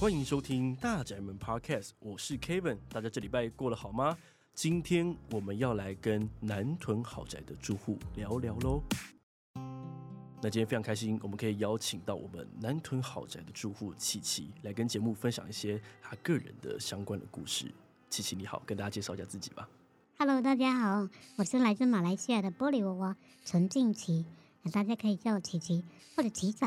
歡迎收聽大宅門 Podcast，我是 Kevin。大家這禮拜過得好嗎？今天我們要來跟南屯豪宅的住戶聊聊嘍。那今天非常開心，我們可以邀請到我們南屯豪宅的住戶琪琪來跟節目分享一些她個人的相關的故事。琪琪你好，跟大家介紹一下自己吧。Hello，大家好，我是來自馬來西亞的玻璃娃娃陳靜琪，大家可以叫我琪琪，或者琪仔，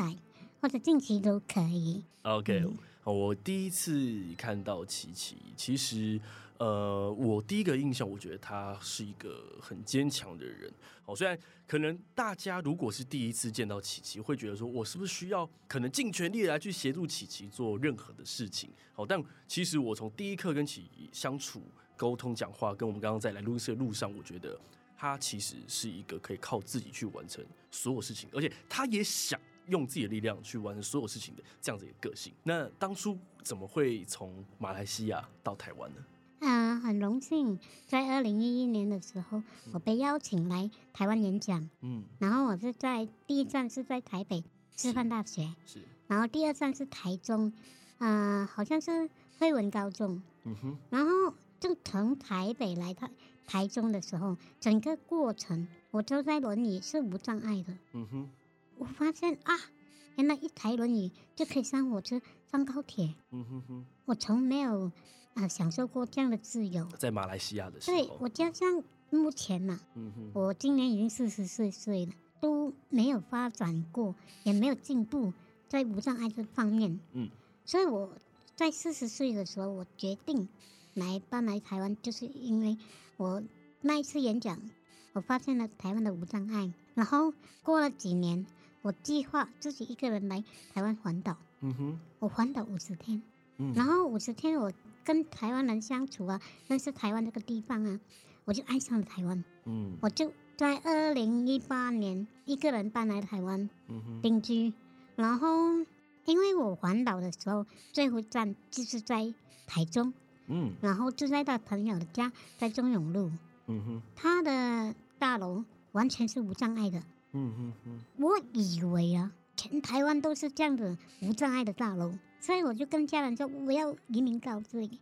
或者靜琪都可以。OK、嗯。我第一次看到琪琪，其實，呃，我第一個印象，我覺得他是一個很堅強的人。哦，雖然可能大家如果是第一次見到琪琪，會覺得說，我是不是需要可能盡全力的來去協助琪琪做任何的事情？哦，但其實我從第一刻跟琪琪相處、溝通、講話，跟我們剛剛在來錄音室的路上，我覺得他其實是一個可以靠自己去完成所有事情，而且他也想。用自己的力量去完成所有事情的這樣子一個個性。那當初怎麼會從馬來西亞到台灣呢？啊、呃，很榮幸，在二零一一年的時候，嗯、我被邀請來台灣演講。嗯，然後我是在第一站是在台北、嗯、師範大學，是，是然後第二站是台中，呃，好像是惠文高中。嗯哼，然後就從台北來到台，台中的時候，整個過程我坐在輪椅是無障礙的。嗯哼。我發現啊，原來一台輪椅就可以上火車、上高鐵。嗯哼哼。我從沒有，啊、呃，享受過這樣的自由。在馬來西亞的時候。對我家鄉目前吶、啊，嗯哼。我今年已經四十四歲了，都沒有發展過，也沒有進步在無障礙這方面。嗯。所以我在四十歲的時候，我決定來搬來台灣，就是因為我那一次演講，我發現了台灣的無障礙。然後過了幾年。我計劃自己一個人來臺灣環島，嗯哼，我環島五十天，嗯哼，然後五十天我跟臺灣人相處啊，認識臺灣這個地方啊，我就愛上了臺灣，嗯，我就在二零一八年一個人搬來臺灣，嗯哼，定居，然後因為我環島的時候最後一站就是在台中，嗯，然後住在他朋友的家，在中永路，嗯哼，他的大樓完全是無障礙的。嗯嗯嗯， 我以為啊，全台灣都是這樣子無障礙的大樓，所以我就跟家人說我要移民到這裡。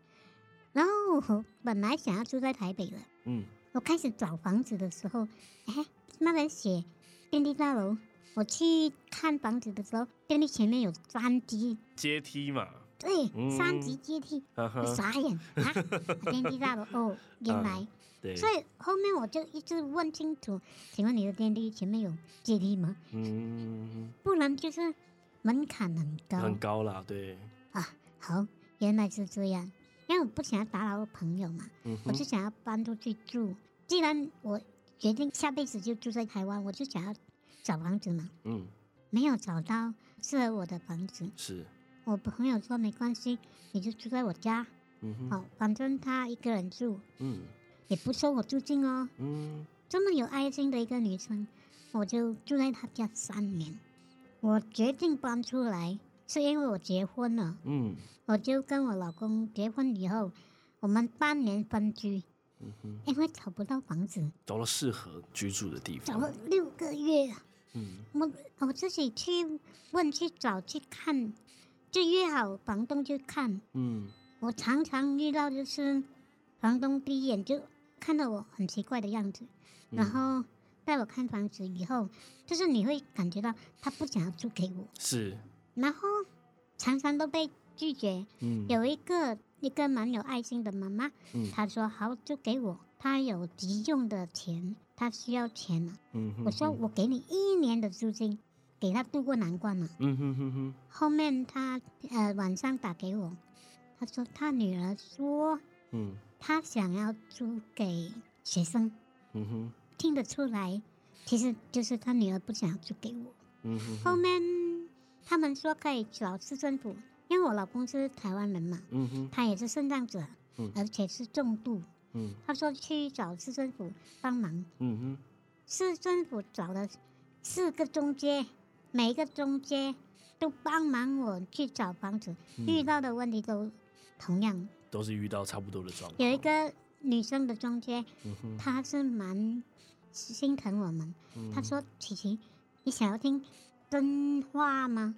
然後本來想要住在台北的，嗯，我開始找房子的時候，哎、欸，那邊寫電梯大樓。我去看房子的時候，電梯前面有三級階梯嘛？對，三級階梯，我、嗯、傻眼、 啊，電梯大樓哦，原來。嗯對所以後面我就一直問清楚，請問你的電梯前面有階梯嗎？嗯，不能就是門檻很高。很高啦，對。啊，好，原來是這樣。因為我不想要打擾朋友嘛，嗯，哼我就想要搬出去住。既然我決定下輩子就住在台灣，我就想要找房子嘛。嗯，沒有找到適合我的房子。是，我朋友說沒關係，你就住在我家。嗯哼，好，反正他一個人住。嗯。也不收我租金哦。嗯，這麼有愛心的一個女生，我就住在她家三年。我決定搬出來，是因為我結婚了。嗯，我就跟我老公結婚以後，我們半年分居。嗯哼，因為找不到房子，找了適合居住的地方，找了六個月。嗯，我我自己去問、去找、去看，就約好房東去看。嗯，我常常遇到就是房東第一眼就。看到我很奇怪的樣子，嗯、然後帶我看房子以後，就是你會感覺到他不想要租給我。是。然後常常都被拒絕。嗯、有一個一個蠻有愛心的媽媽，嗯、她說好就給我，她有急用的錢，她需要錢了。嗯哼哼，我說我給你一年的租金，給她渡過難關嘛。嗯哼哼哼，後面他呃晚上打給我，他說他女兒說。嗯。他想要租給學生，嗯、哼聽得出來，其實就是他女兒不想要租給我。嗯、哼後面他們說可以找市政府，因為我老公是台灣人嘛，嗯、哼他也是身障者，嗯、而且是重度。嗯、他說去找市政府幫忙。市政、嗯、哼府找了四個中介，每一個中介都幫忙我去找房子，嗯、遇到的問題都同樣。都是遇到差不多的狀況。有一個女生的中介，嗯、哼她是蠻心疼我們。嗯、她說：“琪琪，你想要聽真話嗎？”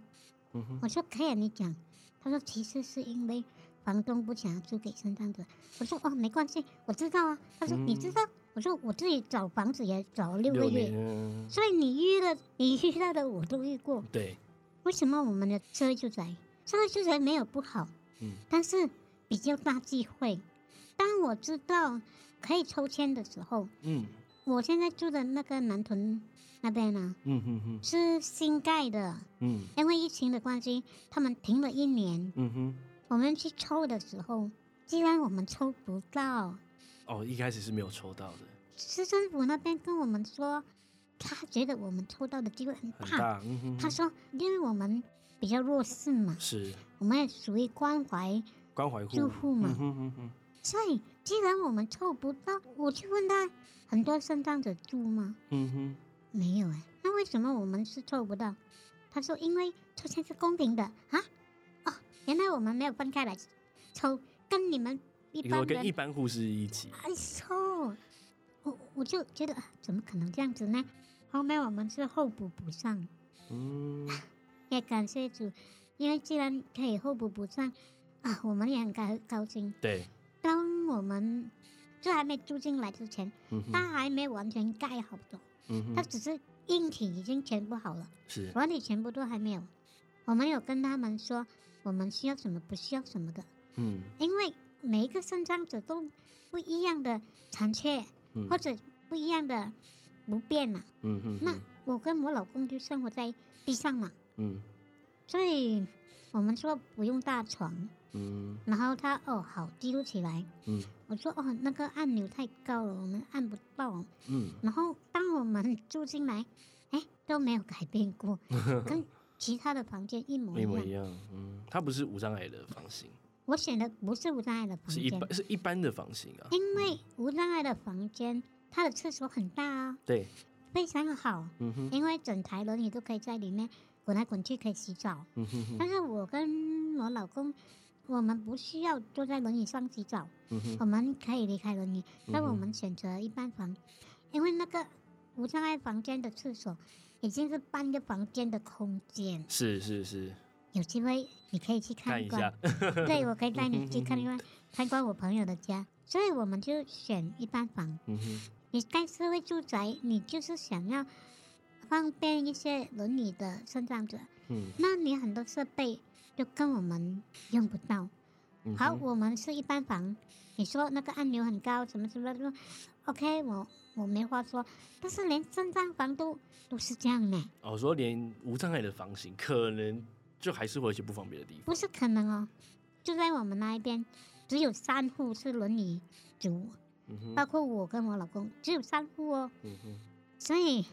嗯、哼我說：“可以啊，你講。”她說：“其實是因為房東不想要租給身障的。”我說：“哦，沒關係，我知道啊。”她說：“嗯、你知道？”我說：“我自己找房子也找了六個月，所以你遇的你遇到的我都遇過。”對。為什麼我們的車就在，車就在沒有不好，嗯，但是。比較大機會，當我知道可以抽籤的時候，嗯，我現在住的那個南屯那邊呢、啊，嗯哼哼，是新蓋的，嗯，因為疫情的關係，他們停了一年，嗯哼，我們去抽的時候，居然我們抽不到，哦，一開始是沒有抽到的，市政府那邊跟我們說，他覺得我們抽到的機會很大，很大，嗯哼哼，他說，因為我們比較弱勢嘛，是，我們也屬於關懷。關懷戶嘛，所以既然我們湊不到，我就問他：很多身障者住嗎？嗯哼，沒有啊、欸。那為什麼我們是湊不到？他說：因為抽籤是公平的啊！哦，原來我們沒有分開來抽，跟你們一般跟一般戶是一起。哎呦，我我就覺得、啊、怎麼可能這樣子呢？後面我們是候補不上，嗯、啊，也感謝主，因為既然可以候補不上。啊，我們也很高高興。對，當我們這還沒住進來之前，他、嗯、哼還沒完全蓋好他、嗯、哼只是硬體已經全部好了，是軟體全部都還沒有。我們有跟他們說，我們需要什麼，不需要什麼的。嗯，因為每一個身障者都不一樣的殘缺，嗯、或者不一樣的不便嘛、啊。嗯哼哼，那我跟我老公就生活在地上嘛，嗯，所以我們說不用大床。嗯，然後他哦，好，記錄起來。嗯，我說哦，那個按鈕太高了，我們按不到。嗯，然後當我們住進來，哎，都沒有改變過，跟其他的房間一模一一樣。嗯，它不是無障礙的房型。我選的不是無障礙的房間，是一般是一般的房型啊。因為無障礙的房間，它的廁所很大啊，對，非常好。嗯哼，因為整台輪椅都可以在裡面滾來滾去，可以洗澡。嗯哼，但是我跟我老公。我們不需要坐在輪椅上洗澡，嗯、哼我們可以離開輪椅。但我們選擇一般房，嗯、哼因為那個無障礙房間的廁所已經是半個房間的空間。是是是，有機會你可以去看一，看一下。 對，我可以帶你去看一下看，參觀、嗯、哼看看我朋友的家。所以我們就選一般房。嗯、哼你在社會住宅，你就是想要方便一些輪椅的身障者。嗯、那你很多設備。就跟我們用不到，嗯、哼好，我們是一般房，你說那個按鈕很高，什麼什麼什麼，OK，我我沒話說，但是連無障礙房都都是這樣的。我、哦、說連無障礙的房型，可能就還是會有些不方便的地方。不是可能哦，就在我們那一邊，只有三戶是輪椅族。嗯、哼包括我跟我老公，只有三戶哦。嗯、哼所以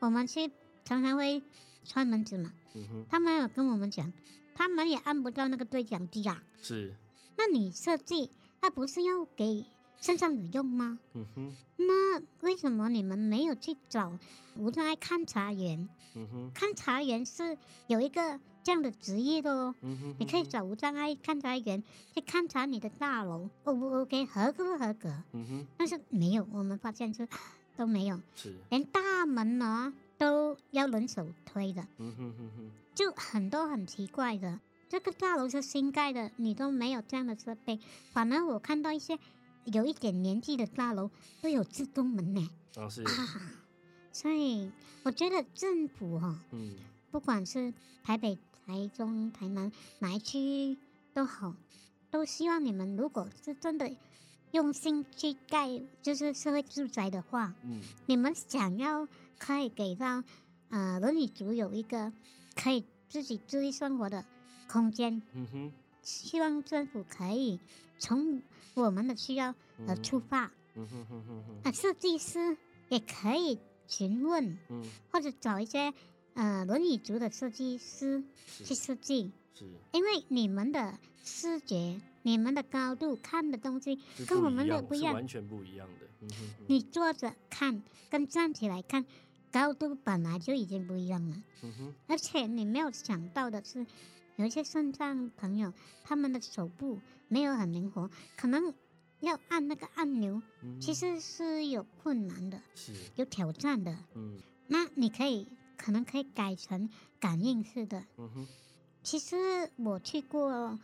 我們去常常會串門子嘛，嗯、哼他們還有跟我們講。他們也按不到那個對講機啊。是。那你設計，他不是要給身上有用嗎？嗯哼。那為什麼你們沒有去找無障礙勘察員？嗯哼。勘察員是有一個這樣的職業的哦。嗯哼、哼、哼。你可以找無障礙勘察員去勘察你的大樓，O 不 OK，合格不合格？嗯哼。但是沒有，我們發現就都沒有。是。連大門呢都要人手推的。嗯哼哼哼。就很多很奇怪的，這個大樓是新蓋的，你都沒有這樣的設備，反而我看到一些有一點年紀的大樓都有自動門呢。欸。Oh, 是。啊，所以我覺得政府哈，嗯，不管是台北、台中、台南哪一區都好，都希望你們如果是真的用心去蓋，就是社會住宅的話，嗯、你們想要可以給到呃，輪椅族，有一個。可以自己注意生活的空間，嗯哼，希望政府可以從我們的需要而出發，嗯哼哼哼、嗯、哼，啊、嗯，設計師也可以詢問，嗯，或者找一些呃輪椅族的設計師去設計，是，因為你們的視覺、你們的高度看的東西跟我們的不一樣，完全不一樣的，嗯哼，嗯你坐着看跟站起來看。高度本來就已經不一樣了，嗯、哼而且你沒有想到的是，有一些身障朋友，他們的手部沒有很靈活，可能要按那個按鈕，嗯、哼其實是有困難的，是，有挑戰的，嗯、那你可以，可能可以改成感應式的，嗯、哼其實我去過。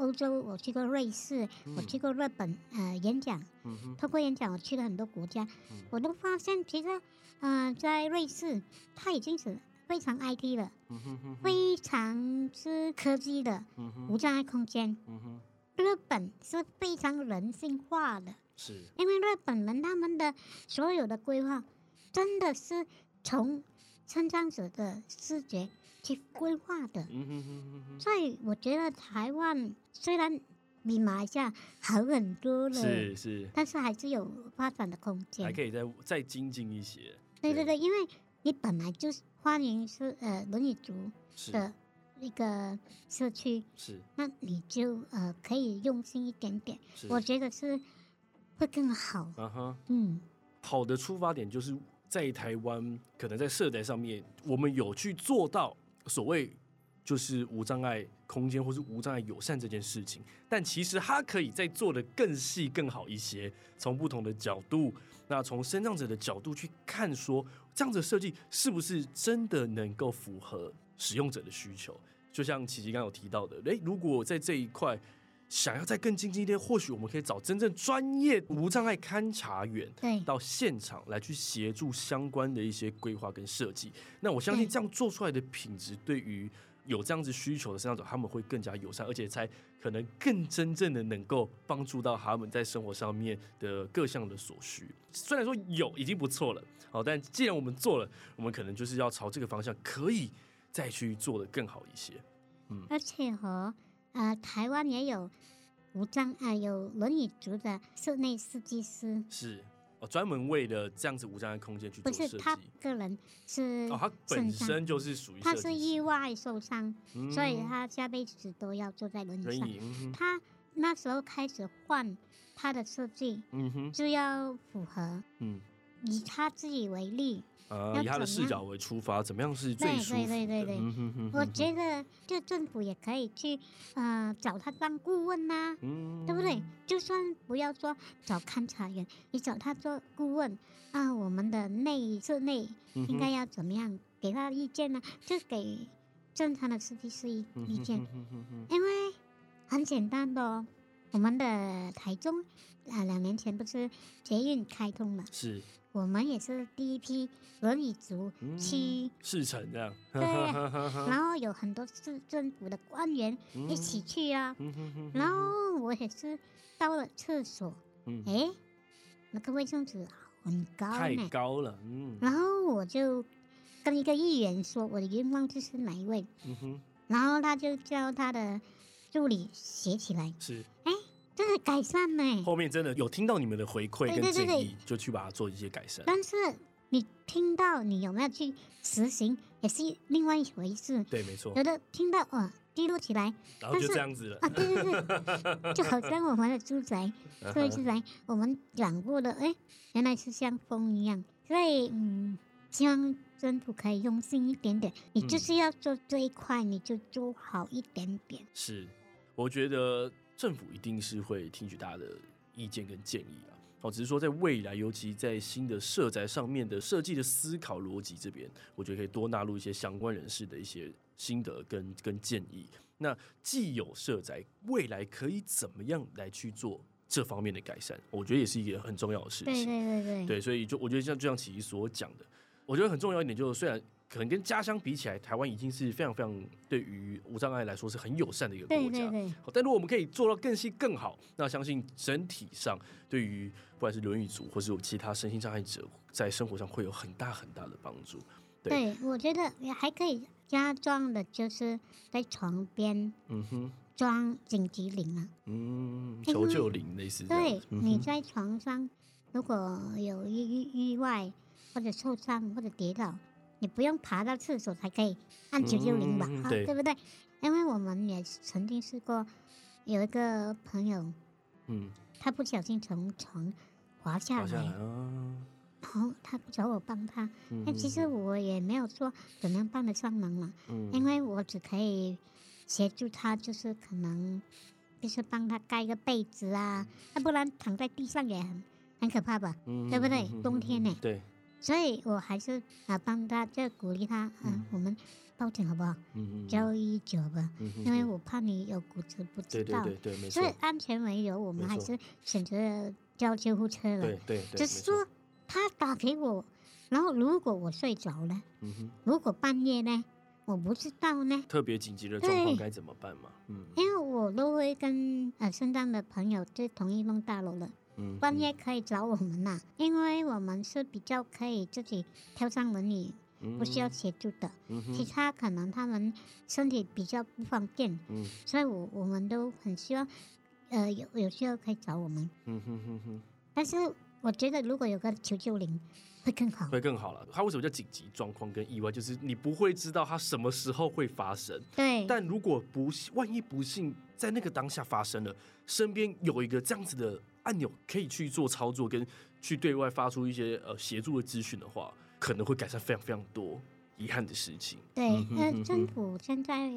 歐洲，我去過瑞士，嗯、我去過日本，呃，演講，通、嗯、哼過演講，我去了很多國家，嗯、我都發現，其實，呃，在瑞士，他已經是非常 IT 的，嗯、哼哼哼非常之科技的，嗯、哼無障礙空間，嗯、哼日本是非常人性化的，是，因為日本人他們的所有的規劃，真的是從身障者的視覺。去規劃的，嗯哼哼哼哼，所以我覺得台灣雖然比馬來西亞好很多了，是，是是，但是還是有發展的空間，還可以再再精進一些。對對對，對因為你本來就是歡迎是呃輪椅族的，那個社區，是，那你就呃可以用心一點點，是我覺得是會更好。啊哈、uh，huh、嗯，好的出發點就是在台灣，可能在社宅上面，我們有去做到。所謂就是無障礙空間或是無障礙友善這件事情，但其實它可以再做得更細、更好一些，從不同的角度，那從身障者的角度去看說，說這樣子的設計是不是真的能夠符合使用者的需求？就像琪琪剛有提到的，哎、欸，如果在這一塊。想要再更精進一點，或許我們可以找真正專業無障礙勘察員，到現場來去協助相關的一些規劃跟設計。對那我相信這樣做出來的品質，對於有這樣子需求的身障者，他們會更加友善，而且才可能更真正的能夠幫助到他們在生活上面的各項的所需。雖然說有已經不錯了，好，但既然我們做了，我們可能就是要朝這個方向，可以再去做的更好一些。嗯，而且哈。呃，台灣也有無障礙、呃，有輪椅族的室內設計師。是，哦，專門為了這樣子無障礙空間去做設計。不是他個人是，哦，他本身就是屬於，他是意外受傷，嗯、所以他下輩子都要坐在輪椅上。嗯、他那時候開始換他的設計，嗯哼，就要符合，嗯，以他自己為例。呃，以他的視角為出發，怎麼，怎麼樣是最舒服的？對對對對對，我覺得就政府也可以去呃找他當顧問吶、啊，嗯、對不對？就算不要說找勘察員，你找他做顧問啊、呃，我們的內市內應該要怎麼樣給他意見呢？嗯、哼就給正常的司機是機意見，嗯、哼因為很簡單的、哦，我們的台中啊，兩、呃、年前不是捷運開通了？是。我們也是第一批輪椅族去、嗯、世城這樣，對。然後有很多市政府的官員一起去啊，嗯、然後我也是到了廁所，哎、嗯欸，那個衛生紙很高，太高了。嗯、然後我就跟一個議員說，我的願望就是哪一位，嗯、哼。然後他就叫他的助理寫起來，是。哎、欸。改善呢，後面真的有聽到你們的回饋跟建議，就去把它做一些改善。但是你聽到，你有沒有去實行，也是另外一回事。對，沒錯。有的聽到哦，記錄起來，然後就這樣子了啊，對對對，就好像我們的住宅，住宅我們講過的，哎，原來是像風一樣。所以嗯，希望政府可以用心一點點。你就是要做這一塊，你就做好一點點。是，我覺得。政府一定是會聽取大家的意見跟建議啊，哦，只是說在未來，尤其在新的社宅上面的設計的思考邏輯這邊，我覺得可以多納入一些相關人士的一些心得跟跟建議。那既有社宅，未來可以怎麼樣來去做這方面的改善？我覺得也是一個很重要的事情。對，對，對，對，對，所以就我覺得像就像琪琪所講的，我覺得很重要一點就是，雖然。可能跟家鄉比起來，台灣已經是非常非常對於無障礙來說是很友善的一個國家。對對對。好。但如果我們可以做到更細更好，那相信整體上對於不管是輪椅族或是有其他身心障礙者，在生活上會有很大很大的幫助。對，對，我覺得還可以加裝的就是在床邊，嗯哼，裝緊急鈴啊，嗯，求救鈴的意思。對，你在床上如果有意外或者受傷或者跌倒，.你不用爬到廁所才可以按九六零吧、嗯，對哦？對不對？因為我們也曾經試過，有一個朋友，嗯、他不小心從床滑下來，然後、哦哦、他找我幫他，嗯、但其實我也沒有說怎麼樣幫得上忙嘛，嗯、因為我只可以協助他，就是可能就是幫他蓋一個被子啊，要、嗯啊、不然躺在地上也很很可怕吧，嗯、對不對？冬天呢？所以，我還是啊，幫他再鼓勵他啊。嗯、我們報警好不好？嗯嗯。叫一腳吧，嗯嗯，因為我怕你有骨折不知道。對對對，對沒事。所以安全沒有，我們還是選擇叫救護車了。對對對。就是說他打給我，然後如果我睡着了，嗯、哼如果半夜呢？我不知道呢。特別緊急的狀況該怎麼辦嘛？嗯。因為我都會跟啊，身邊的朋友在同一棟大樓了。半夜可以找我們吶、啊，因為我們是比較可以自己跳上輪椅，不需要協助的。其他可能他們身體比較不方便，所以我我們都很希望，呃，有有需要可以找我們。嗯哼哼哼，但是。我覺得如果有個求救鈴會更好，會更好了。他為什麼叫緊急狀況跟意外？就是你不會知道他什麼時候會發生。對。但如果不萬一不幸在那個當下發生了，身邊有一個這樣子的按鈕可以去做操作跟去對外發出一些呃協助的資訊的話，可能會改善非常非常多遺憾的事情。對，那、嗯、政府現在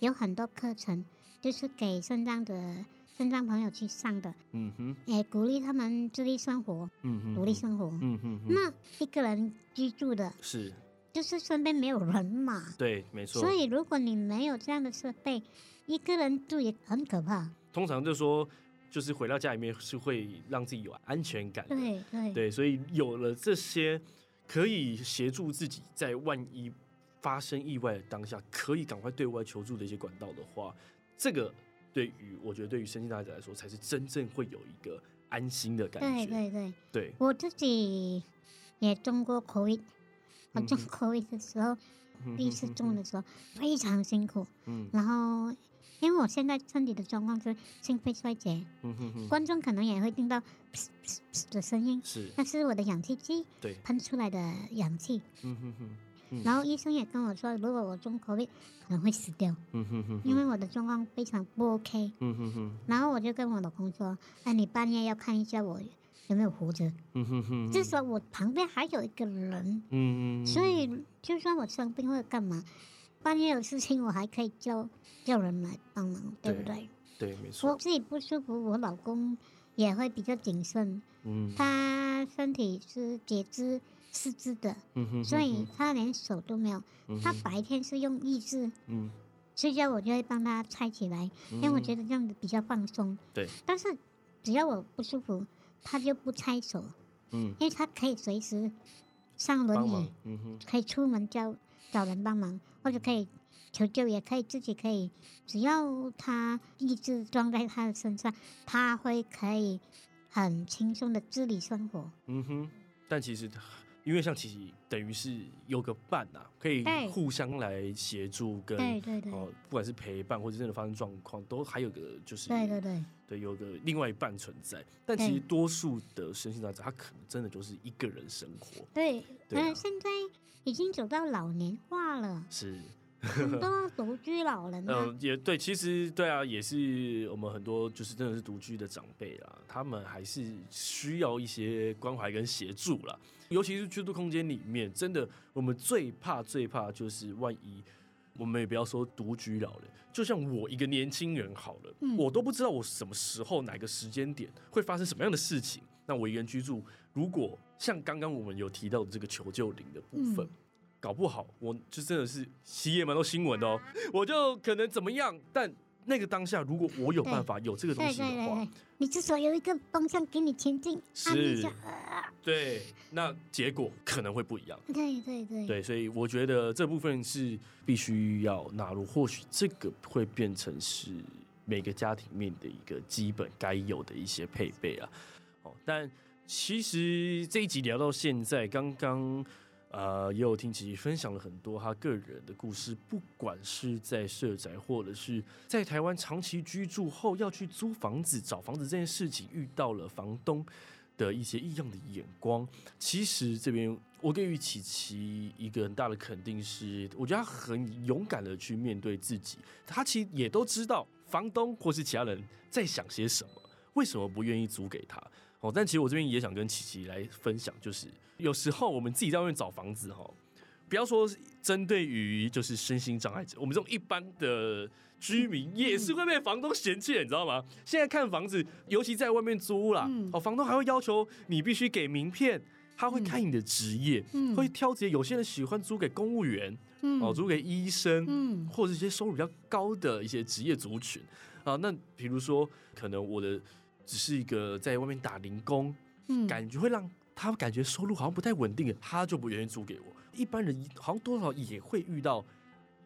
有很多課程，就是給身障的。讓朋友去上的，嗯哼，哎，鼓勵他們自立生活，嗯哼，獨立生活，嗯哼。那一個人居住的是，就是身邊沒有人嘛，對，沒錯。所以如果你沒有這樣的設備，一個人住也很可怕。通常就是說，就是回到家裡面是會讓自己有安全感，對，對，對。所以有了這些可以協助自己在萬一發生意外的當下，可以趕快對外求助的一些管道的話，這個。對於我覺得，對於身障大家來說，才是真正會有一個安心的感覺。對對對，對我自己也中過 COVID，我中 COVID 的時候，第一次中的時候、嗯、哼哼非常辛苦。嗯，然後因為我現在身體的狀況是心肺衰竭，嗯哼哼，觀眾可能也會聽到噗噗噗、噗、噗的聲音，是，那是我的氧氣機對噴出來的氧氣，對嗯哼哼。然後醫生也跟我說，如果我中 COVID 可能會死掉。因為我的狀況非常不 OK。嗯、哼哼，然後我就跟我老公說，那、哎、你半夜要看一下我有沒有活著。嗯、哼哼至少我旁邊還有一個人。嗯、所以就算我生病或幹嘛，半夜有事情我還可以叫叫人來幫忙，對不對？對，對，沒錯。我自己不舒服，我老公也會比較謹慎。嗯、他身體是截肢。四肢的，嗯、哼所以他連手都沒有。嗯、哼他白天是用義肢，睡覺、嗯、我就會幫他拆起來，嗯、哼因為我覺得這樣子比較放鬆。對，但是只要我不舒服，他就不拆手。嗯，因為他可以隨時上輪椅，嗯哼，可以出門叫找人幫忙，或者可以求救，也可以自己可以。只要他義肢裝在他的身上，他會可以很輕鬆的自理生活。嗯哼，但其實。因為像其實等於是有個伴啊，可以互相來協助跟對對對對、哦，不管是陪伴或者真的發生狀況，都還有個就是對對對，對有個另外一半存在。但其實多數的身心障礙他可能真的就是一個人生活。對，那、啊呃、現在已經走到老年化了，是很多獨居老人、啊。嗯，也對，其實對啊，也是我們很多就是真的是獨居的長輩啊，他們還是需要一些關懷跟協助了。尤其是居住空間裡面，真的，我們最怕、最怕就是萬一，我們也不要說獨居老人，就像我一個年輕人好了，嗯、我都不知道我什麼時候、哪個時間點會發生什麼樣的事情。那我一個人居住，如果像剛剛我們有提到的這個求救鈴的部分，嗯、搞不好我就真的是吸引蠻多新聞的、哦，我就可能怎麼樣？但那個當下，如果我有辦法有這個東西的話，對對對對，你至少有一個方向給你前進，是，對，那結果可能會不一樣。對對對，對，所以我覺得這部分是必須要納入，或許這個會變成是每個家庭面的一個基本該有的一些配備啊。哦，但其實這一集聊到現在，剛剛。呃，也有聽琪琪分享了很多她個人的故事，不管是在社宅，或者是在台灣長期居住後要去租房子、找房子這件事情，遇到了房東的一些異樣的眼光。其實這邊我給予琪琪一個很大的肯定是，是我覺得她很勇敢的去面對自己，她其實也都知道房東或是其他人在想些什麼，為什麼不願意租給她。哦，但其實我這邊也想跟琪琪來分享，就是有時候我們自己在外面找房子哈、哦，不要說針對於就是身心障礙者，我們這種一般的居民也是會被房東嫌棄，嗯、你知道嗎？現在看房子，尤其在外面租啦，嗯、哦，房東還會要求你必須給名片，他會看你的職業，嗯、會挑些有些人喜歡租給公務員，嗯、哦，租給醫生，嗯，或者一些收入比較高的一些職業族群，啊，那比如說可能我的。只是一個在外面打零工，嗯，感覺會讓他感覺收入好像不太穩定，他就不願意租給我。一般人好像多少也會遇到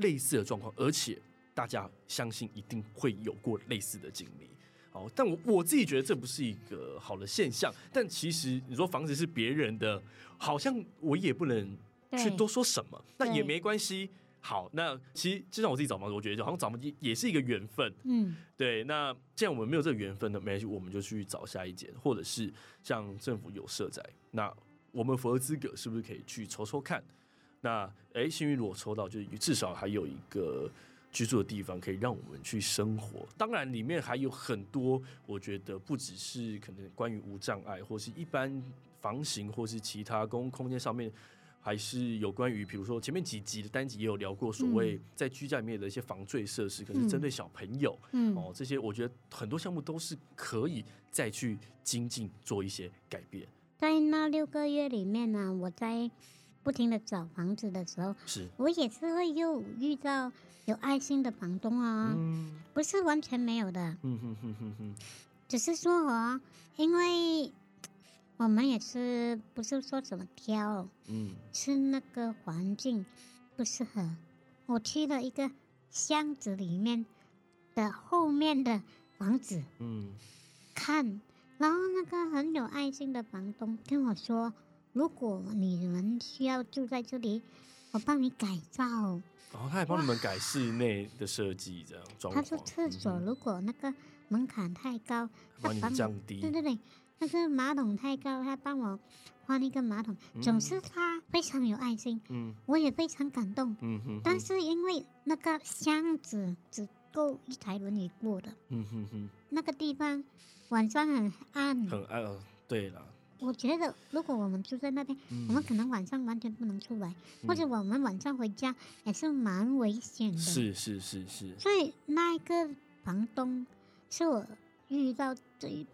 類似的狀況，而且大家相信一定會有過類似的經歷。哦，但我我自己覺得這不是一個好的現象，但其實你說房子是別人的，好像我也不能去多說什麼，對那也沒關係。好，那其實就像我自己找房子，我覺得就好像找房子也是一個緣分，嗯，對。那既然我們沒有這個緣分的，沒關係，我們就去找下一間，或者是像政府有社宅，那我們符合資格是不是可以去抽抽看？那哎、欸，幸運如果抽到，就是至少還有一個居住的地方可以讓我們去生活。當然，裡面還有很多，我覺得不只是可能關於無障礙，或是一般房型，或是其他公共空間上面。還是有關於，比如說前面幾集的單集也有聊過，所謂在居家裡面的一些防墜設施，嗯、可是針對小朋友、嗯嗯、哦，這些我覺得很多項目都是可以再去精進做一些改變。在那六個月裡面呢，我在不停的找房子的時候，是，我也是會又遇到有愛心的房東啊、哦，嗯、不是完全沒有的，嗯哼哼哼哼，只是說啊、哦，因為。我們也是，不是說怎麼挑，嗯，是那個環境不適合。我去了一個巷子裡面的後面的房子，嗯。看，然後那個很有愛心的房東跟我說：“如果你們需要住在這裡，我幫你改造。哦”然後他也幫你們改室內的設計，這樣哇裝潢滑。他說：“廁所、嗯、哼如果那個門檻太高，他幫你降低。”對對對。但是馬桶太高，他幫我換了一個馬桶，嗯、總是他非常有愛心，嗯，我也非常感動，嗯哼、哼。但是因為那個箱子只夠一台輪椅過的，嗯哼哼。那個地方晚上很暗，很暗，對了，我覺得如果我們住在那邊，嗯、我們可能晚上完全不能出來，嗯、或者我們晚上回家也是蠻危險的，是是是是。所以那一個房東是我遇到最。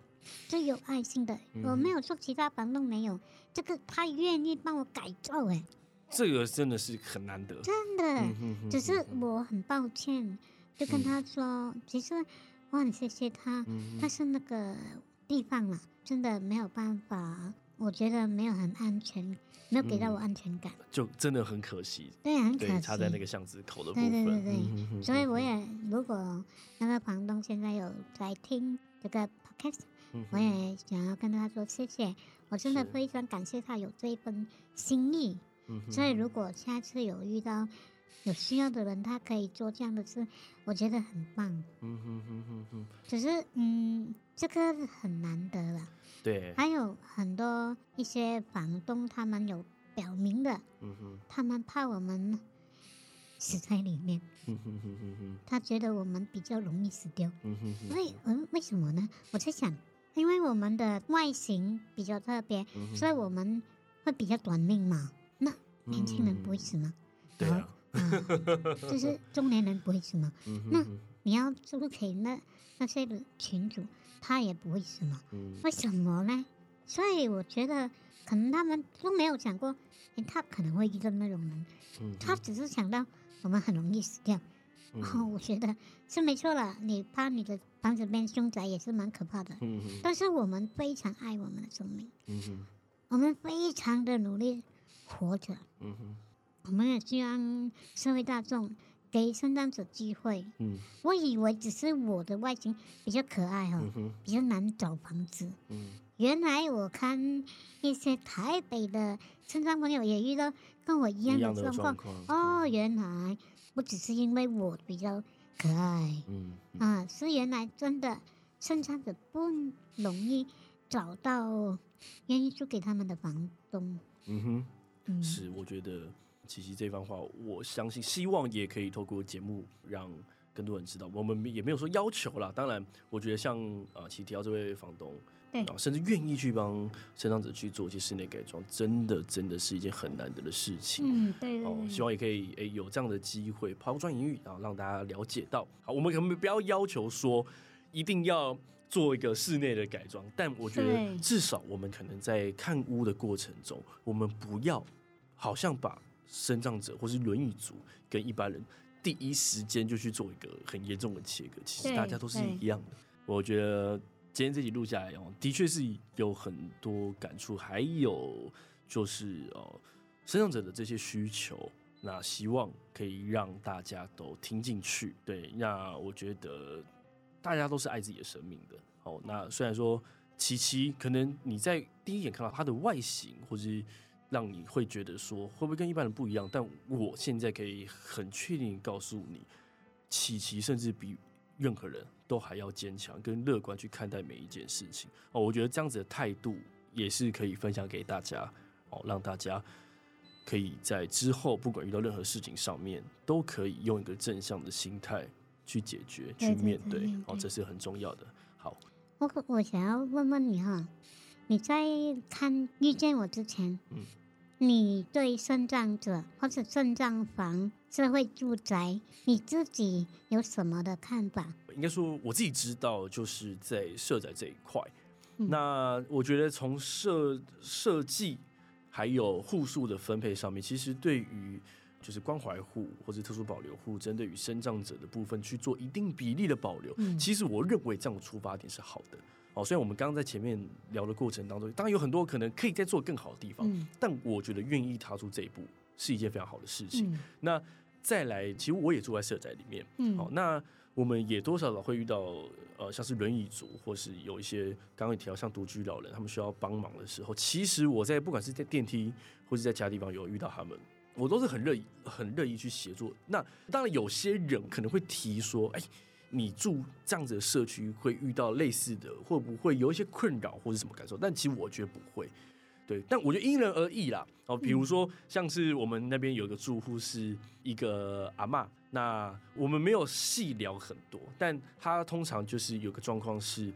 最有愛心的，嗯、哼我沒有說其他房東沒有這個，他願意幫我改造哎、欸，這個真的是很難得，真的。嗯、哼哼哼，只是我很抱歉，就跟他說，嗯、哼其實我很謝謝他，嗯、哼他是那個地方啦，嗯、哼真的沒有辦法，我覺得沒有很安全，沒有給到我安全感，嗯、就真的很可惜。對、啊，很可惜。他在那個巷子口的部分。對對對對，嗯、哼哼，所以我也，如果那個房東現在有在聽這個 Podcast 我也想要跟他說謝謝，我真的非常感謝他有這一份心意。是所以如果下次有遇到有需要的人，他可以做這樣的事，我覺得很棒。嗯哼哼哼哼，只是嗯，這個很難得了。對，還有很多一些房東他們有表明的。嗯、哼他們怕我們死在裡面。嗯、哼哼哼他覺得我們比較容易死掉。嗯哼哼，為、嗯、為什麼呢？我在想。因為我們的外形比較特別，嗯、哼所以我們會比較短命嘛。那年輕人不會死嗎？嗯、對啊，就是中年人不會死嗎？嗯、哼那你要租給那那些群主，他也不會死嗎？嗯、為什麼呢？所以我覺得可能他們都沒有想過，哎、他可能會遇到那種人，嗯、哼他只是想到我們很容易死掉。然後、嗯、我覺得是沒錯了，你怕你的。房子變凶宅也是蠻可怕的，嗯、哼但是我們非常愛我們的生命，嗯、哼我們非常的努力活着，嗯、哼我們也希望社會大眾給身障者機會。嗯、我以為只是我的外形比較可愛哈，嗯、哼比較難找房子。嗯、哼原來我看一些台北的身障朋友也遇到跟我一樣的狀況，哦，對 原來不只是因為我比較。可愛，嗯，嗯啊，是，原來真的身障者不容易找到願意租給他們的房東。嗯哼，嗯是，我覺得，其實這番話，我相信，希望也可以透過節目讓。更多人知道，我們也沒有說要求啦。當然，我覺得像啊、呃，其實提到這位房東，啊對、呃，甚至願意去幫身障者去做一些室內改裝，真的，真的是一件很難得的事情。嗯，對、對、對。哦、呃，希望也可以誒、呃、有這樣的機會拋磚引玉，然後讓大家了解到。好，我們可能不要要求說一定要做一個室內的改裝，但我覺得至少我們可能在看屋的過程中，對我們不要好像把身障者或是輪椅族跟一般人。第一時間就去做一個很嚴重的切割，其實大家都是一樣的。我覺得今天這集錄下來的確是有很多感觸，還有就是哦，身障者的這些需求，那希望可以讓大家都聽進去。對，那我覺得大家都是愛自己的生命的。哦，那雖然說琪琪，可能你在第一眼看到他的外形，或是。讓你會覺得說會不會跟一般人不一樣？但我現在可以很確定告訴你，琪琪甚至比任何人都還要堅強，跟樂觀去看待每一件事情哦。我覺得這樣子的態度也是可以分享給大家哦，讓大家可以在之後不管遇到任何事情上面，都可以用一個正向的心態去解決、對去面對，對，對，對哦。這是很重要的。好，我我想要問問你哈，你在看遇見我之前，嗯。你對身障者或者是身障房、社會住宅，你自己有什麼的看法？應該說，我自己知道，就是在社宅這一塊，嗯、那我覺得從設設計，還有戶數的分配上面，其實對於就是關懷戶或者特殊保留戶，針對於身障者的部分去做一定比例的保留，嗯、其實我認為這樣的出發點是好的。哦，雖然我們剛剛在前面聊的過程當中，當然有很多可能可以再做更好的地方，嗯、但我覺得願意踏出這一步是一件非常好的事情。嗯、那再來，其實我也住在社宅裡面，嗯、好那我們也多少老會遇到呃，像是輪椅族，或是有一些剛剛也提到像獨居老人，他們需要幫忙的時候，其實我在不管是在電梯或是在其他地方有遇到他們，我都是很樂意、很樂意去協助。那當然有些人可能會提說，哎、欸。你住這樣子的社區會遇到類似的，會不會有一些困擾或是什麼感受？但其實我覺得不會，對，但我覺得因人而異啦。哦、嗯，比如說像是我們那邊有個住戶是一個阿嬤，那我們沒有細聊很多，但她通常就是有個狀況是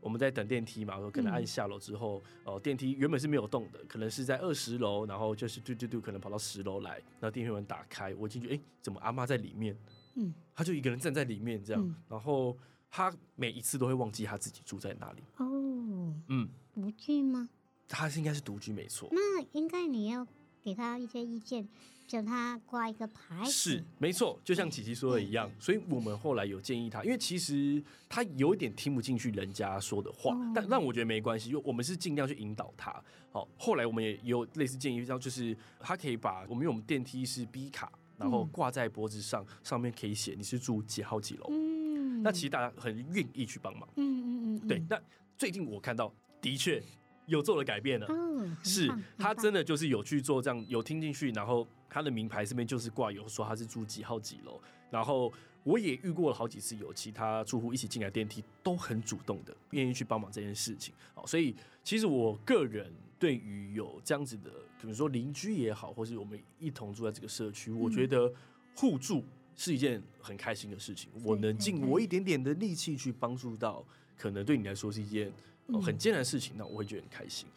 我們在等電梯嘛，說可能按下樓之後，哦、呃，電梯原本是沒有動的，可能是在二十樓，然後就是嘟嘟嘟，可能跑到十樓來，然後電梯門打開，我進去，哎、欸，怎麼阿嬤在裡面？嗯，他就一個人站在裡面這樣，嗯、然後他每一次都會忘記他自己住在哪裡哦。嗯，獨居嗎？他是應該是獨居沒錯。那應該你要給他一些意見，叫他掛一個牌。是，沒錯，就像琪琪說的一樣。嗯、所以我們後來有建議他，嗯、因為其實他有一點聽不進去人家說的話，嗯、但但我覺得沒關係，因為我們是盡量去引導他。好，後來我們也有類似建議，就是他可以把，我們因為我們電梯是 B 卡。然後掛在脖子上，嗯、上面可以寫你是住幾號幾樓。嗯、那其實大家很願意去幫忙。嗯嗯嗯，嗯嗯對。那最近我看到的確有做了改變了，嗯、是他真的就是有去做這樣，有聽進去，然後他的名牌上面就是掛有說他是住幾號幾樓。然後我也遇過了好幾次，有其他住戶一起進來電梯，都很主動的願意去幫忙這件事情。好，所以其實我個人。對於有這樣子的，比如說鄰居也好，或是我們一同住在這個社區，嗯、我覺得互助是一件很開心的事情。對我能盡我一點點的力氣去幫助到，對可能對你來說是一件、嗯哦、很艱難的事情，那我會覺得很開心。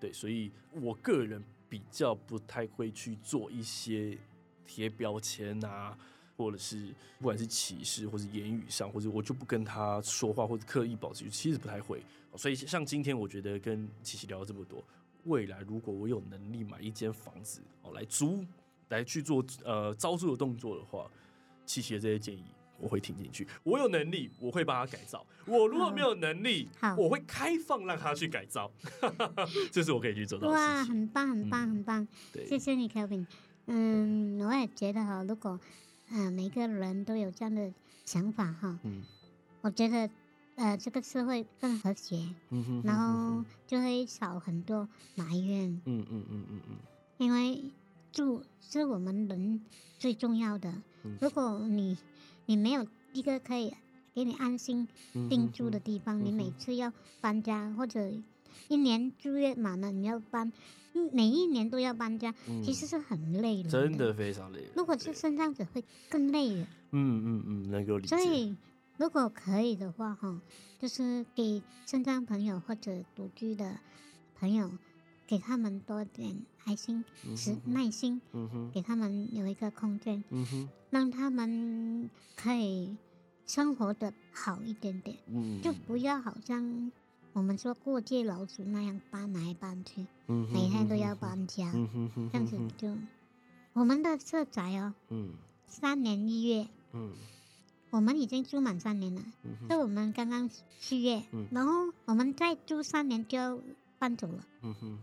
對，所以我個人比較不太會去做一些貼標籤啊，或者是不管是歧視，或是言語上，或者我就不跟他說話，或者刻意保持，其實不太會。所以像今天，我覺得跟琪琪聊了這麼多。未來如果我有能力買一間房子哦，來租，來去做呃招租的動作的話，其實這些建議，我會聽進去。我有能力，我會幫他改造；我如果沒有能力，好、啊，我會開放讓他去改造。這好 是我可以去做到的事情，哇，很棒，很棒，很棒。對，謝謝你，Kelvin。嗯，Okay. 我也覺得哈，如果嗯、呃、每個人都有這樣的想法哈，嗯，我覺得。呃，這個社會更和諧，然後就會少很多埋怨，嗯嗯嗯嗯嗯，因為住是我們人最重要的。嗯、如果你你沒有一個可以給你安心定住的地方，嗯、哼哼哼你每次要搬家，嗯、哼哼或者一年租約滿了你要搬，每一年都要搬家，嗯、其實是很累的，真的非常累。如果是是這樣子會更累的，對嗯嗯嗯，能夠理解。所以。如果可以的話，哈，就是給身障朋友或者獨居的朋友，給他們多點愛心、是耐心，給他們有一個空間，讓他們可以生活得好一點點，就不要好像我們說過街老鼠那樣搬來搬去，每天都要搬家，這樣子就我們的社宅哦，三年一月，我們已經租滿三年了，就、嗯、哼我們剛剛續約，嗯、然後我們再租三年就要搬走了。嗯哼，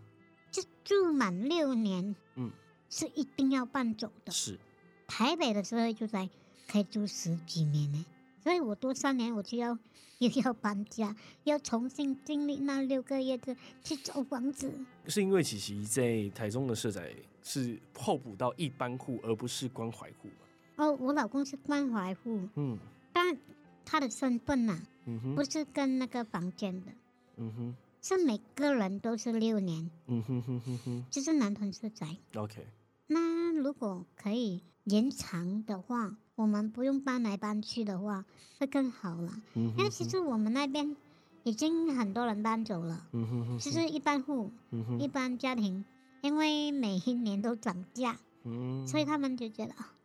就住滿六年，嗯，是一定要搬走的。是，台北的時候就可以租十幾年呢，所以我多三年我就要又要搬家，要重新經歷那六個月的去找房子。是因為琪琪，在台中的社宅是候補到一般戶，而不是關懷戶。哦，我老公是關懷戶，嗯，但他的身份吶，嗯哼，不是跟那個房間的，嗯哼，是每個人都是六年，嗯哼哼哼哼，就是南屯社宅，OK。那如果可以延長的話，我們不用搬來搬去的話，會更好了。因為其實我們那邊已經很多人搬走了，嗯哼哼，其實一般戶，嗯哼，一般家庭，因為每一年都漲價，嗯，所以他們就覺得。哦。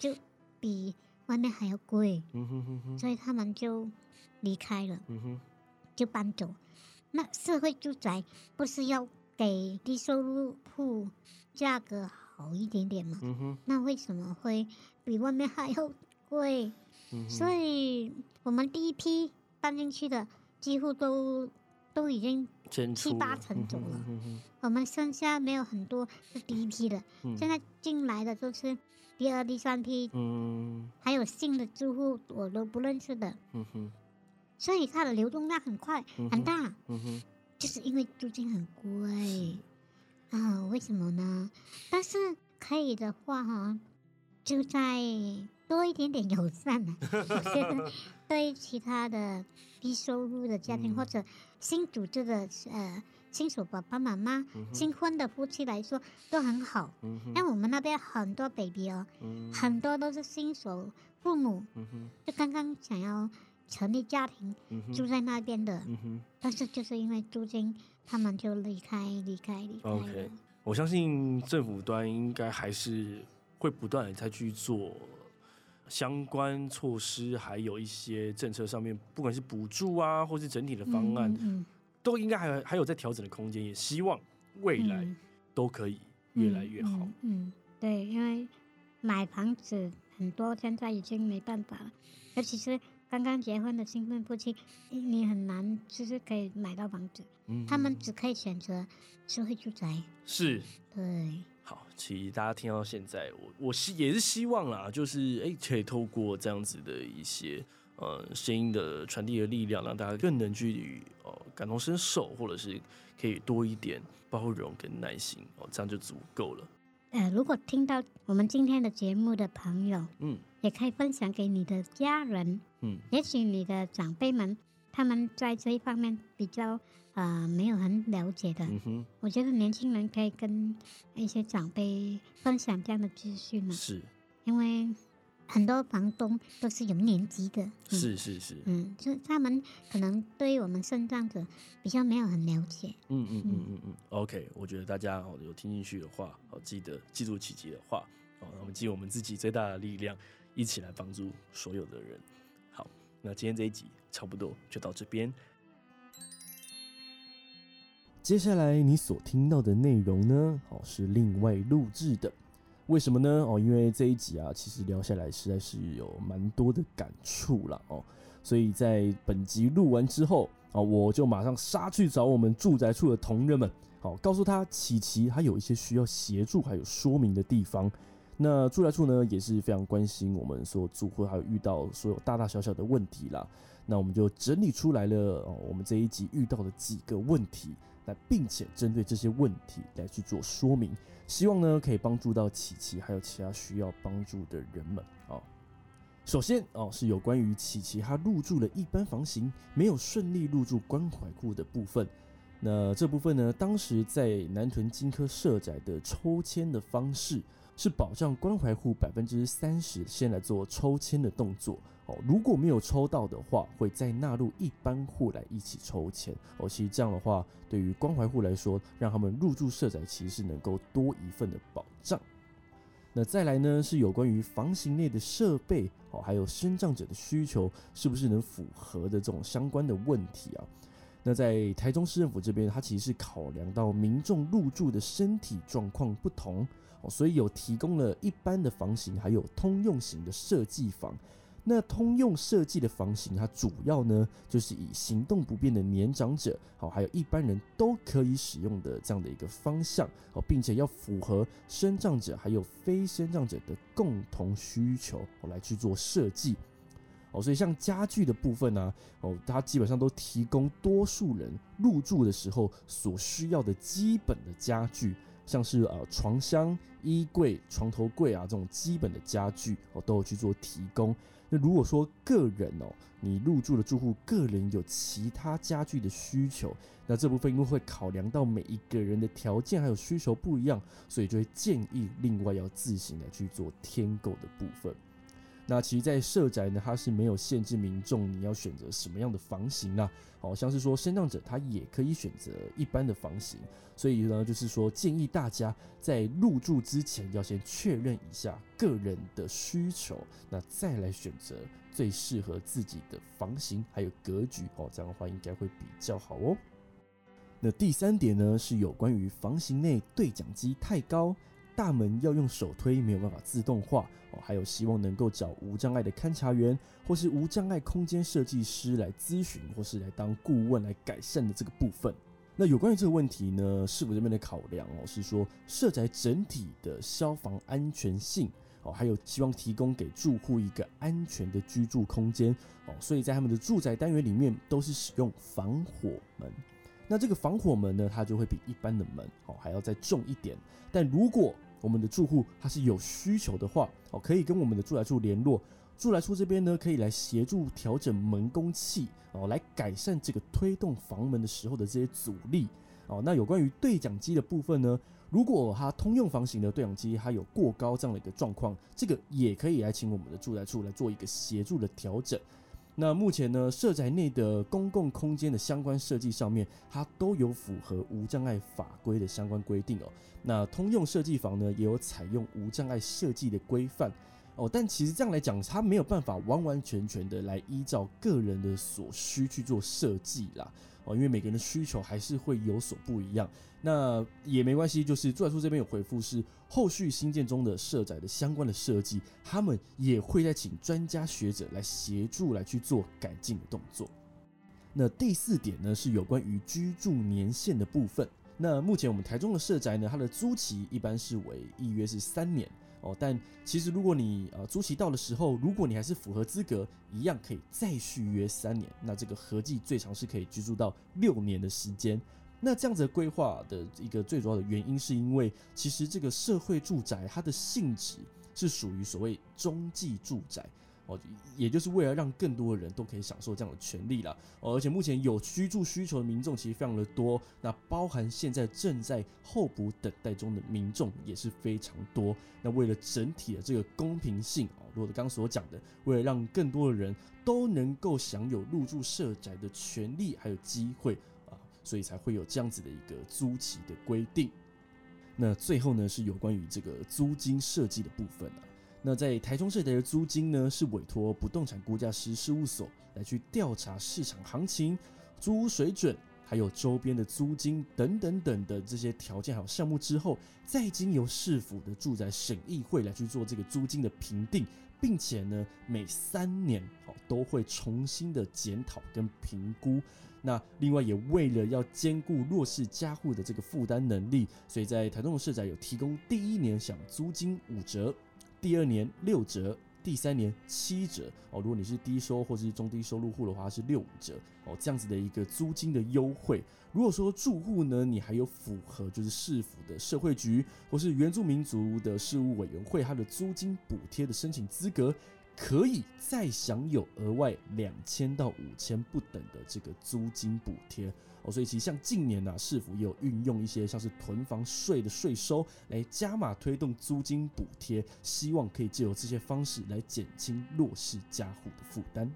就比外面還要貴，嗯、哼哼哼，所以他們就離開了，嗯、哼就搬走。那社會住宅，不是要給低收入戶價格好一點點嗎？嗯、哼那為什麼會比外面還要貴？嗯、哼所以我們第一批搬進去的，幾乎都都已經七八成走了，了嗯、哼哼我們剩下沒有很多是第一批的，嗯、哼現在進來的就是。第二第三批，2, T, 嗯，還有新的住戶我都不認識的，嗯哼，所以它的流動量很快，嗯、哼很大，嗯哼，就是因為租金很貴，嗯、哼啊，為什麼呢？但是可以的話哈，就再多一點點友善嘛， 我覺得對其他的低收入的家庭，嗯、或者新組織的呃。新手爸爸媽媽、新婚的夫妻來說，嗯、哼都很好，像，嗯、哼我們那邊很多 baby 哦，喔，嗯、哼很多都是新手父母，嗯、哼就剛剛想要成立家庭，嗯、哼住在那邊的，嗯、哼但是就是因為租金，他們就離開離開離開。離開離開 Okay. 我相信政府端應該還是會不斷地在去做相關措施，還有一些政策上面，不管是補助啊，或是整體的方案。嗯嗯嗯都應該還還有在調整的空間，也希望未來都可以越來越好。嗯，嗯，嗯，對，因為買房子很多現在已經沒辦法了，尤其是剛剛結婚的新婚夫妻，你很難就是可以買到房子，嗯嗯、他們只可以選擇社會住宅。是，對。好，其實大家聽到現在，我我希也是希望啦，就是哎，可、欸、以透過這樣子的一些。呃，聲音的傳遞的力量，讓大家更能去哦、呃、感同身受，或者是可以多一點包容跟耐心哦，這樣就足夠了。呃，如果聽到我們今天的節目的朋友，嗯，也可以分享給你的家人，嗯，也許你的長輩們他們在這一方面比較呃沒有很了解的，嗯哼，我覺得年輕人可以跟一些長輩分享這樣的資訊嘛，是，因為。很多房東都是有年紀的，是是是，嗯，就是是、嗯、他們可能對於我們身障者比較沒有很了解，嗯嗯嗯嗯嗯。嗯 OK，我覺得大家有聽進去的話，哦記得記住琪琪的話，哦，我們盡我們自己最大的力量，一起來幫助所有的人。好，那今天這一集差不多就到這邊。接下來你所聽到的內容呢，哦是另外錄製的。為什麼呢？哦，因為這一集啊，其實聊下來實在是有蠻多的感觸了哦。所以在本集錄完之後，哦，我就馬上殺去找我們住宅處的同仁們，好，告訴他琪琪他有一些需要協助還有說明的地方。那住宅處呢也是非常關心我們所有住戶還有遇到所有大大小小的問題啦。那我們就整理出來了，我們這一集遇到的幾個問題。並且針對這些問題來去做說明，希望呢，可以幫助到琪琪還有其他需要幫助的人們啊。首先哦，是有關於琪琪她入住了一般房型，沒有順利入住關懷庫的部分。那這部分呢，當時在南屯精科社宅的抽籤的方式。是保障關懷戶百分之三十，先來做抽籤的動作哦。如果沒有抽到的話，會再納入一般戶來一起抽籤哦。其實這樣的話，對於關懷戶來說，讓他們入住社宅，其實是能夠多一份的保障。那再來呢，是有關於房型內的設備哦，還有身障者的需求，是不是能符合的這種相關的問題啊？那在台中市政府這邊，它其實是考量到民眾入住的身體狀況不同，所以有提供了一般的房型，還有通用型的設計房。那通用設計的房型，它主要呢就是以行動不便的年長者，哦，還有一般人都可以使用的這樣的一個方向，哦，並且要符合身障者還有非身障者的共同需求，來去做設計。哦，所以像家具的部分呢、啊，哦，它基本上都提供多數人入住的時候所需要的基本的家具，像是呃床箱、衣櫃、床頭櫃啊這種基本的家具，哦，都有去做提供。那如果說個人哦，你入住的住戶個人有其他家具的需求，那這部分因為會考量到每一個人的條件還有需求不一樣，所以就會建議另外要自行的去做添購的部分。那其實，在社宅呢，它是沒有限制民眾你要選擇什麼樣的房型啦、啊。好像是說，身障者他也可以選擇一般的房型。所以呢，就是說，建議大家在入住之前要先確認一下個人的需求，那再來選擇最適合自己的房型還有格局哦。這樣的話應該會比較好哦。那第三點呢，是有關於房型內對講機太高，大門要用手推，沒有辦法自動化哦。還有希望能夠找無障礙的勘察員，或是無障礙空間設計師來諮詢，或是來當顧問來改善的這個部分。那有關於這個問題呢，市府這邊的考量哦，是說社宅整體的消防安全性哦，還有希望提供給住戶一個安全的居住空間哦。所以在他們的住宅單元裡面都是使用防火門。那這個防火門呢，它就會比一般的門哦還要再重一點。但如果我們的住戶他是有需求的話，哦，可以跟我們的住宅處聯絡，住宅處這邊呢可以來協助調整門弓器，哦，來改善這個推動房門的時候的這些阻力。哦，那有關於對講機的部分呢，如果它通用房型的對講機它有過高這樣的一個狀況，這個也可以來請我們的住宅處來做一個協助的調整。那目前呢，社宅內的公共空間的相關設計上面，它都有符合無障礙法規的相關規定哦。那通用設計房呢，也有採用無障礙設計的規範哦。但其實這樣來講，它沒有辦法完完全全的來依照個人的所需去做設計啦。哦，因為每個人的需求還是會有所不一樣，那也沒關係，就是住宅處這邊有回覆，是後續新建中的社宅的相關的設計，他們也會再請專家學者來協助來去做改進的動作。那第四點呢，是有關於居住年限的部分。那目前我們台中的社宅呢，它的租期一般是為一約是三年。哦，但其實如果你呃租期到的時候，如果你還是符合資格，一樣可以再續約三年，那這個合計最長是可以居住到六年的時間。那這樣子規劃的一個最主要的原因，是因為其實這個社會住宅它的性質是屬於所謂中繼住宅。哦，也就是為了讓更多的人都可以享受這樣的權利啦，而且目前有居住需求的民眾其實非常的多，那包含現在正在候補等待中的民眾也是非常多。那為了整體的這個公平性，喔，如我剛剛所講的，為了讓更多的人都能夠享有入住社宅的權利還有機會啊，所以才會有這樣子的一個租期的規定。那最後呢，是有關於這個租金設計的部分，啊那在台中社宅的租金呢，是委託不動產估價師事務所來去調查市場行情、租屋水準，還有周邊的租金等等等，等的這些條件還有項目之後，再經由市府的住宅審議會來去做這個租金的評定，並且呢，每三年都會重新的檢討跟評估。那另外也為了要兼顧弱勢家戶的這個負擔能力，所以在台中的社宅有提供第一年享租金五折。第二年六折，第三年七折哦。如果你是低收或者是中低收入戶的話，是六五折哦。這樣子的一個租金的優惠。如果說住戶呢，你還有符合就是市府的社會局或是原住民族的事務委員會，它的租金補貼的申請資格，可以再享有額外兩千到五千不等的這個租金補貼。哦，所以其實像近年啊，市府也有運用一些像是囤房稅的稅收來加碼推動租金補貼，希望可以借由這些方式來減輕弱勢家戶的負擔。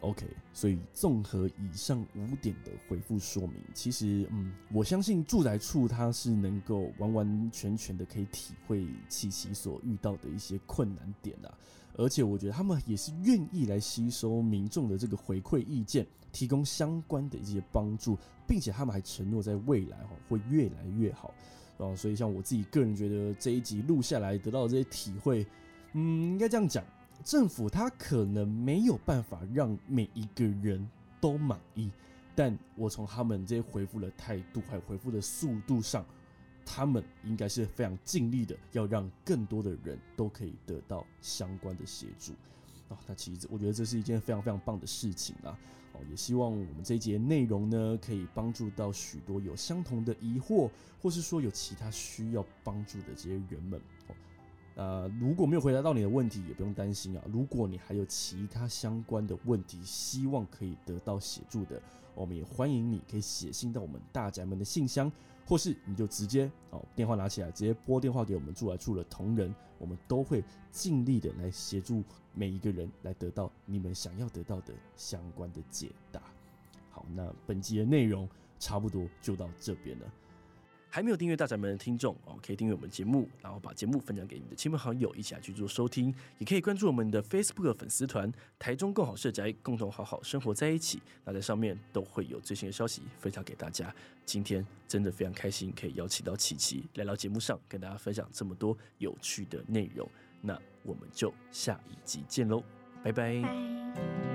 OK，所以綜合以上五點的回覆說明，其實嗯，我相信住宅處它是能夠完完全全的可以體會琪琪所遇到的一些困難點啊，而且我覺得他們也是願意來吸收民眾的這個回饋意見。提供相關的一些幫助，並且他們還承諾在未來哈、喔、會越來越好。然後、啊、所以，像我自己個人覺得這一集錄下來得到的這些體會，嗯，應該這樣講，政府他可能沒有辦法讓每一個人都滿意，但我從他們這些回覆的態度還有回覆的速度上，他們應該是非常盡力的要讓更多的人都可以得到相關的協助、啊、那其實我覺得這是一件非常非常棒的事情啊。也希望我們這一節內容呢，可以幫助到許多有相同的疑惑，或是說有其他需要幫助的這些人們。呃，如果沒有回答到你的問題，也不用擔心啊。如果你還有其他相關的問題，希望可以得到協助的，我們也歡迎你可以寫信到我們大宅門的信箱。或是你就直接哦，電話拿起來，直接撥電話給我們住宅處的同仁，我們都會盡力的來協助每一個人，來得到你們想要得到的相關的解答。好，那本集的內容差不多就到這邊了。還沒有訂閱大宅門的聽眾哦，可以訂閱我們節目，然後把節目分享給你的親朋好友，一起來去做收聽。也可以關注我們的 Facebook 粉絲團“台中共好社宅”，共同好好生活在一起。那在上面都會有最新的消息分享給大家。今天真的非常開心，可以邀請到琪琪來到節目上，跟大家分享這麼多有趣的內容。那我們就下一集見嘍，拜拜。